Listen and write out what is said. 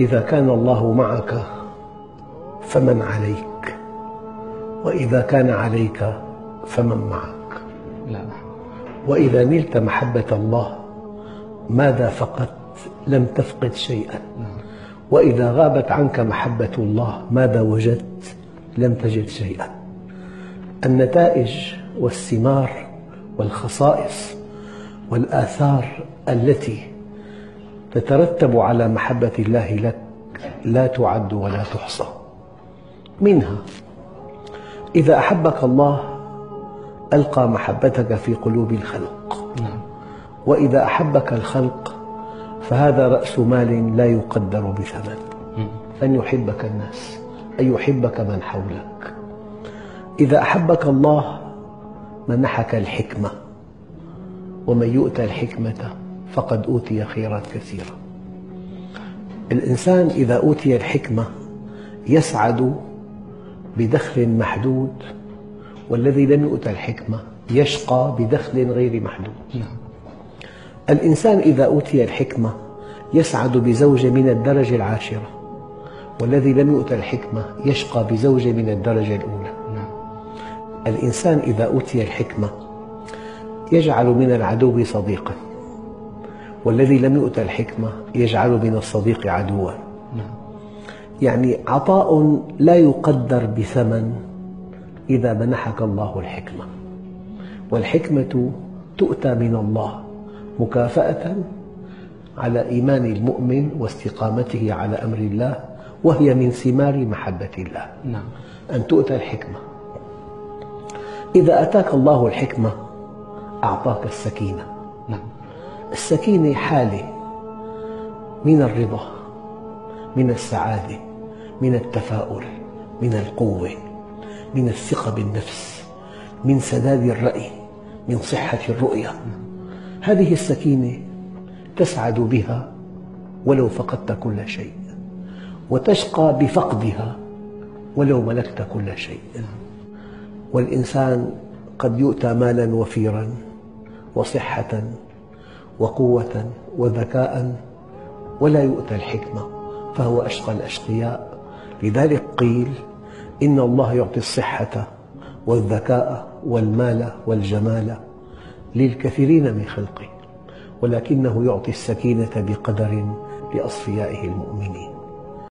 إذا كان الله معك فمن عليك وإذا كان عليك فمن معك لا وإذا نلت محبة الله ماذا فقدت لم تفقد شيئا وإذا غابت عنك محبة الله ماذا وجدت لم تجد شيئا النتائج والثمار والخصائص والآثار التي تترتب على محبة الله لك لا تعد ولا تحصى منها إذا أحبك الله ألقى محبتك في قلوب الخلق وإذا أحبك الخلق فهذا رأس مال لا يقدر بثمن أن يحبك الناس أن يحبك من حولك إذا أحبك الله منحك الحكمة ومن يؤتى الحكمة فقد أوتي خيرات كثيرة الإنسان إذا أوتي الحكمة يسعد بدخل محدود والذي لم يؤت الحكمة يشقى بدخل غير محدود نعم. الإنسان إذا أوتي الحكمة يسعد بزوجة من الدرجة العاشرة والذي لم يؤت الحكمة يشقى بزوجة من الدرجة الأولى نعم. الإنسان إذا أوتي الحكمة يجعل من العدو صديقاً والذي لم يؤتى الحكمة يجعل من الصديق عدوا نعم. يعني عطاء لا يقدر بثمن إذا منحك الله الحكمة والحكمة تؤتى من الله مكافأة على إيمان المؤمن واستقامته على أمر الله وهي من ثمار محبة الله نعم. أن تؤتى الحكمة إذا أتاك الله الحكمة أعطاك السكينة نعم. السكينة حالة من الرضا من السعادة من التفاؤل من القوة من الثقة بالنفس من سداد الرأي من صحة الرؤية هذه السكينة تسعد بها ولو فقدت كل شيء وتشقى بفقدها ولو ملكت كل شيء والإنسان قد يؤتى مالا وفيرا وصحة وقوة وذكاء ولا يؤتى الحكمة فهو أشقى الأشقياء لذلك قيل إن الله يعطي الصحة والذكاء والمال والجمال للكثيرين من خلقه ولكنه يعطي السكينة بقدر لأصفيائه المؤمنين